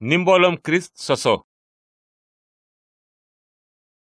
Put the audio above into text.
ni mbooloom Christ soso